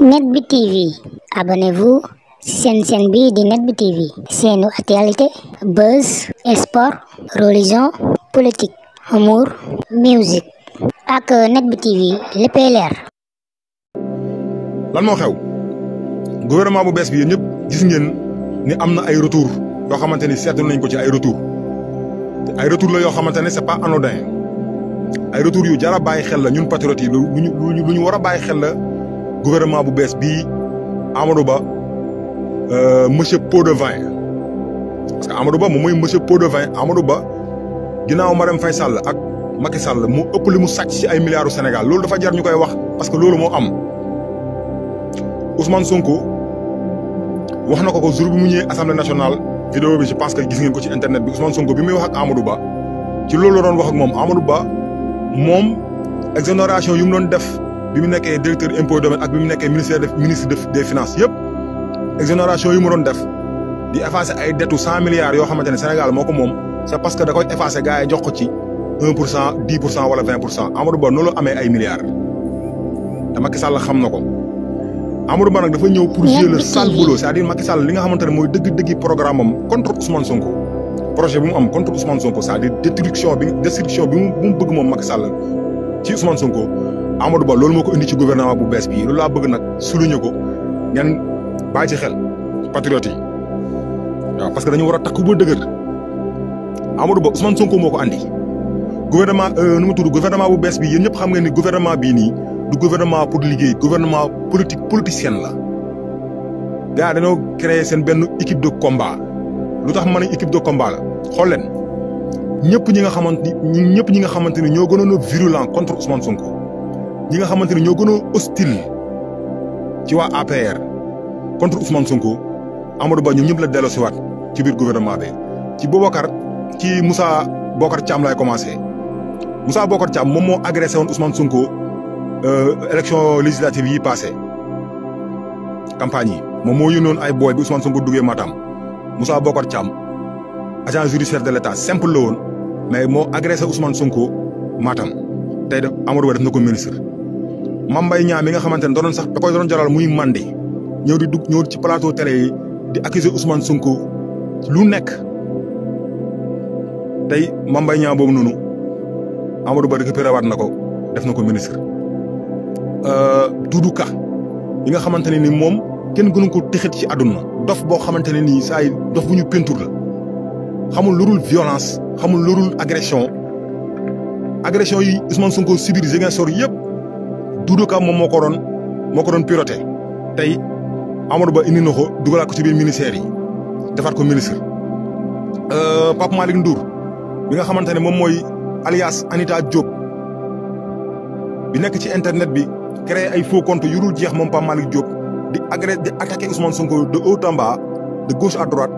net bi tv abonnez-vous seen seen bi di net bi tv seenu actualité buzz sport religion politique humour musique ak net bi tv léppay leer lan moo xew gouvernement bu bees bi yéen ñëpp gis ngeen ni am na ay retour yoo xamante ni seetlu nañ ko ci ay retour te ay retour la yoo xamante ne c'est pas anodin ay retour yu jar a bàyyi xel la ñun patriotes yi lu ñu lu ñu war a bàyyi xel la gouvernement bu bees bii Amadou Ba euh, monsieur pot de vin parce que Amadou Ba moom mooy monsieur pot de vin Amadou Ba ginnaaw Marème fay Sall ak Macky Sall mu ëpp li mu sàcc ci ay milliards Sénégal loolu dafa jar ñu koy wax parce que loolu moo am Ousmane sunku wax na ko ko jour bi mu ñëwee assemblée nationale vidéo bi je pense que gis ngeen ko ci internet bi Ousmane Sonko bi muy wax ak Amadou Ba ci loolu la doon wax ak moom Amadou Ba moom exonération yu mu doon def. bi mu nekkee directeur impôt domaine ak bi mu nekkee ministère des ministre des finances yëpp exonération yi mu doon def di effacer ay dettu cent milliards yoo xamante ne Sénégal moo ko moom c'est parce que da koy effacer gars yi jox ko ci un pour cent dix pour cent wala vingt pour cent Amadou Ba noonu la amee ay milliards te Macky Sall xam na ko Amadou Ba nag dafa ñëw pour jouer le sale boulot c'est-à-dire li nga xamante ne mooy dëgg-dëggi programme am contre Ousmane Sonko projet bi mu am contre Ousmane Sonko c'est-à-dire destruction bi destruction bi mu bëgg moom Macky Sall ci Ousmane Sonko. Amadou Ba loolu moo ko indi ci gouvernement bu bees bii loolu laa bëgg nag souligner ko ngeen bàyyi xel patriote yi parce que dañu war a takku ba dëgër Amadou Ba Ousmane Sonko moo ko andi gouvernement euh, nu mu tudd gouvernement bu bees bi yéen ñëpp xam nga ni gouvernement bii nii du gouvernement pour liggéey gouvernement politique politicienne la. gars dañoo créer seen benn équipe de combat lu tax ma ne équipe de combat la xool leen ñëpp ñi nga xamante ni ñëpp ñi nga xamante ni ñoo gënoon a virulent contre Ousmane Sonko. ñi nga xamante ni ñoo gën a ci waa APR contre Ousmane sunko Amadou Ba ñoom ñëpp la delloo siwaat ci biir gouvernement bi ci Boubacar ci Moussa Bocar Thiam laay commencé Moussa Bocar Thiam moom moo agressé woon Ousmane Sonko euh, élection législative yi passé campagne yi moom moo yónnoon ay booy bi Ousmane sunko duggee Matam Moussa Bocar Thiam agent judiciaire de l'État simple la woon mais moo agressé Ousmane sunko Matam tey def Amadou Ba def na ko ministre Mame Mbaye Niang nga xamante ne da sax da koy doon jaral muy mandi ñëw di dugg ñëw ci plateau télé yi di accuser Ousmane Sonko lu nekk tey Mame Mbaye Niang boobu noonu Amadou Ba récupéré waat na ko def na ko ministre. Euh, Doudou Ka yi nga xamante ne ni moom kenn gënu ko tixit ci àdduna dof boo xamante ne nii saa yi dof bu ñu peinture la xamul lorul violence xamul lorul agression agression yi Ousmane Sonko subir Ziguinchor yëpp. Doudou Ka moom moo ko doon moo ko doon piloté tey Amadou Ba indi na ko dugalaat ko ci bi ministère yi defaat ko ministre. Euh, Pape Malick Ndour bi nga xamante ne moom mooy alias Anita Diop bi nekk ci internet bi créé ay faux compte yuru jeex moom Pape Malick Diop di agré di attaqué Ousmane Sonko de haut en bas de gauche à droite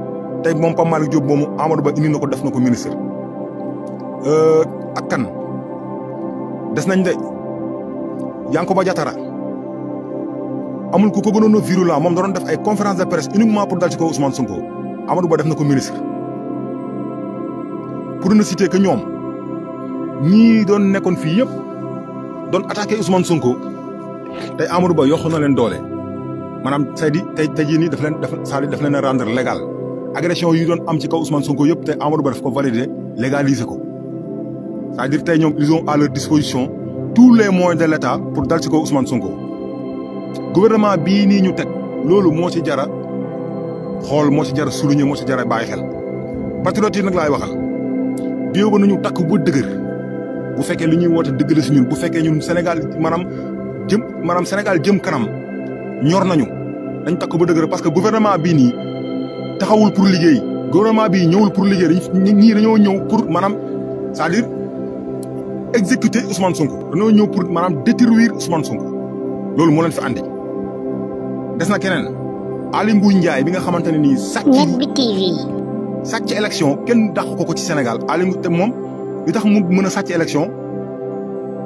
tey moom Pape Malick Diop moomu Amadou Ba indi na ko def na ko ministre. Euh, ak kan des nañ de. Yankoba jatara amul ku ko gënoon a virulent moom da doon def ay conférence de presse uniquement pour dal ci kaw Ousmane Sonko Amadou Ba def na ko ministre. pour ne citer que ñoom ñii doon nekkoon fii yëpp doon attaqué Ousmane Sonko tey Amadou Ba yokk na leen doole maanaam saydi tey tey jii nii leen daf saa daf leen a rendre légal agression yi doon am ci kaw Ousmane Sonko yëpp tey Amadou Ba daf ko validé légaliser ko c'est-à-dire tey ñoom ils ont à leur disposition. tous les moyens de l'État pour dal ci kaw Ousmane Sonko gouvernement bii nii ñu teg loolu moo ci jara xool moo ci jara souligner moo ci jara bàyyi xel patriote yi nag laay waxal biyow ba nañu takk bu dëgër bu fekkee li ñuy woote dëgg la si ñun bu fekkee ñun Sénégal maanaam jëm maanaam Sénégal jëm kanam ñor nañu dañ takk bu dëgër parce que gouvernement bii nii taxawul pour liggéey gouvernement bii ñëwul pour liggéey ñii dañoo ñëw pour maanaam cest exécuter Ousmane Sonko ñëw pour maanaam détruire Ousmane Sonko loolu moo leen fi andi des na keneen Aly Ngouille Ndiaye bi nga xamante ne nii. sàcc yi sàcc kenn dàq ko ko ci senegal Aly Ngouille moom li tax mu mën a sàcc élection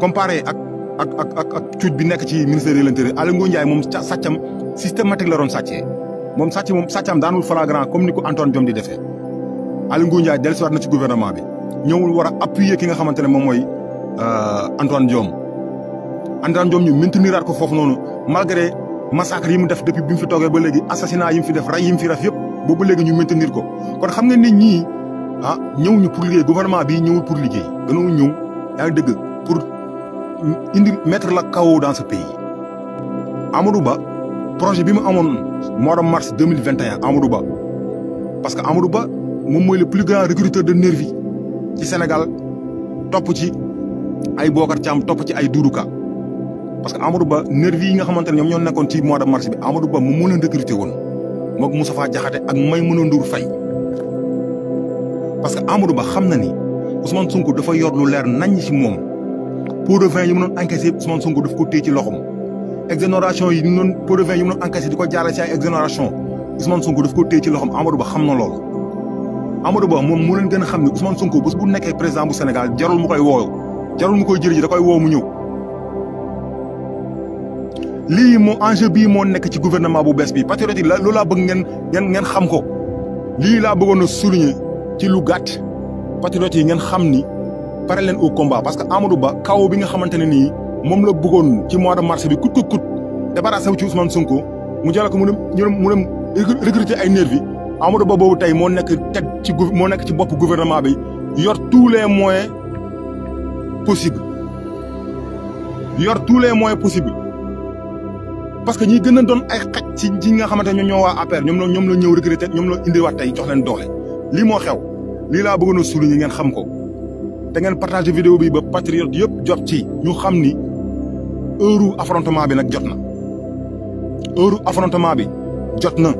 comparé ak ak ak ak ak cuuj bi nekk ci ministère de l'intérieur Aly Ngouille Ndiaye moom sàccam systématique la roon sàccee moom sàcc moom sàccam daanul flagrant comme ni ko Antoine Diome di defee Aly Ngouille Ndiaye dellusiwaat na ci guvernement bi ñëwul war a appuyer ki nga xamante ne moom mooy. Euh, Antoine Diome Antoine Diome ñu mainteniraat ko foofu noonu malgré massacre yi mu def depuis bi fi toogee ba léegi assassinat yi fi def rey yi mu fi def yëpp boobu ba léegi ñu maintenir ko kon xam nga nit ñi ah ñëw ñu pour liggéey gouvernement bi ñëwul pour liggéey gënoo ñëw yaa ngi dëgg pour indi mettre la kawo dans ce pays Ba projet bi mu amoon mois de mars deux mille vingt et un Ba parce que Amadou Ba moom mooy le plus grand recruteur de nervi ci Sénégal topp ci ay Bocar Thiam topp ci ay Doudou Ka parce que amaru Ba nervi yi nga xamante ne ñoom ñoo nekkoon ci mois de mars bi Amadou Ba mu moo leen recruté woon moog Moustapha Diakhaté ak Maïmouna Ndour Faye parce que Amadou Ba xam na ni Ousmane Sonko dafa yor lu leer naññ ci moom pot de vin yi mu doon encaissé Ousmane Sonko daf ko ci loxom exonération yi ñu doon pot de di ko jaarale ci ay exonération Ousmane Sonko daf ci loxom Amadou Ba xam na loolu Amadou Ba moom mu leen gën a xam ne Ousmane Sonko bés bu nekkee président bu Sénégal jarul mu koy woowu jarul mu koy jëriñ da koy woo mu ñëw lii moo enjeu bii moo nekk ci gouvernement bu bees bi patriote yi loolu laa bëgg ngeen ngeen ngeen xam ko lii laa bëggoon a souligner ci lu gàtt patriote yi ngeen xam ni pare leen au combat parce que Amadou Ba kaw bi nga xamante ne nii moom la bëggoon ci mois de mars bi kut kut kut débarrassé wu ci Ousmane Sonko mu jëla ko mu dem mu dem recruter ay nervi Amadou Ba boobu tey moo nekk teg ci moo nekk ci bopp gouvernement bi yor tous les moyens possible yor tous les moyens possibles parce que ñii gën a doon ay xaj ci ñi nga xamante ne ñoo waa APR ñoom la ñoom la ñëw regretté ñoom la indiwaat tey jox doole. lii moo xew lii laa bëggoon a souligner ngeen xam ko te ngeen partagé vidéo bii ba patriote yëpp jot ci ñu xam ni heure affrontement bi nag jot na heure affrontement bi jot na.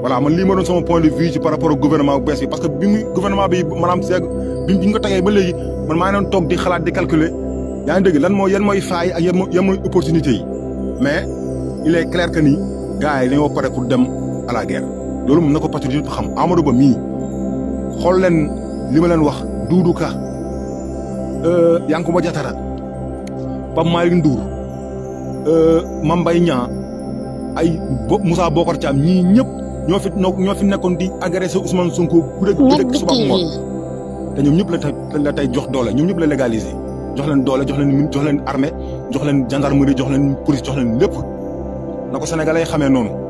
voilà man lii ma doon sama point de vue ci par rapport au gouvernement bu bees bi parce que bi mu gouvernement bi maanaam seeg bi ñu ko tegee ba man maa ngi toog di xalaat di calculer yaa ngi dégg lan moo yan mooy faay ak yan mooy opportunité yi mais il est clair que ni gars yi dañoo pare pour dem à la guerre loolu moom na ko patriote yëpp xam Amadou Ba mii xool leen li ma leen wax Doudou Ka euh, Yankuba Diatara Pape Malick Ndour euh, Mame Mbaye Niang ay Moussa Bokar Thiam ñii ñëpp ñoo fi ñoo fi nekkoon di agressé Ousmane Sonko. guddeeg guddeeg suba ngoon te ñoom ñëpp la tey la tey jox doole ñoom ñëpp la légalisé. jox leen doole jox leen jox leen armée jox leen di jox leen police jox leen lépp na ko ay xamee noonu.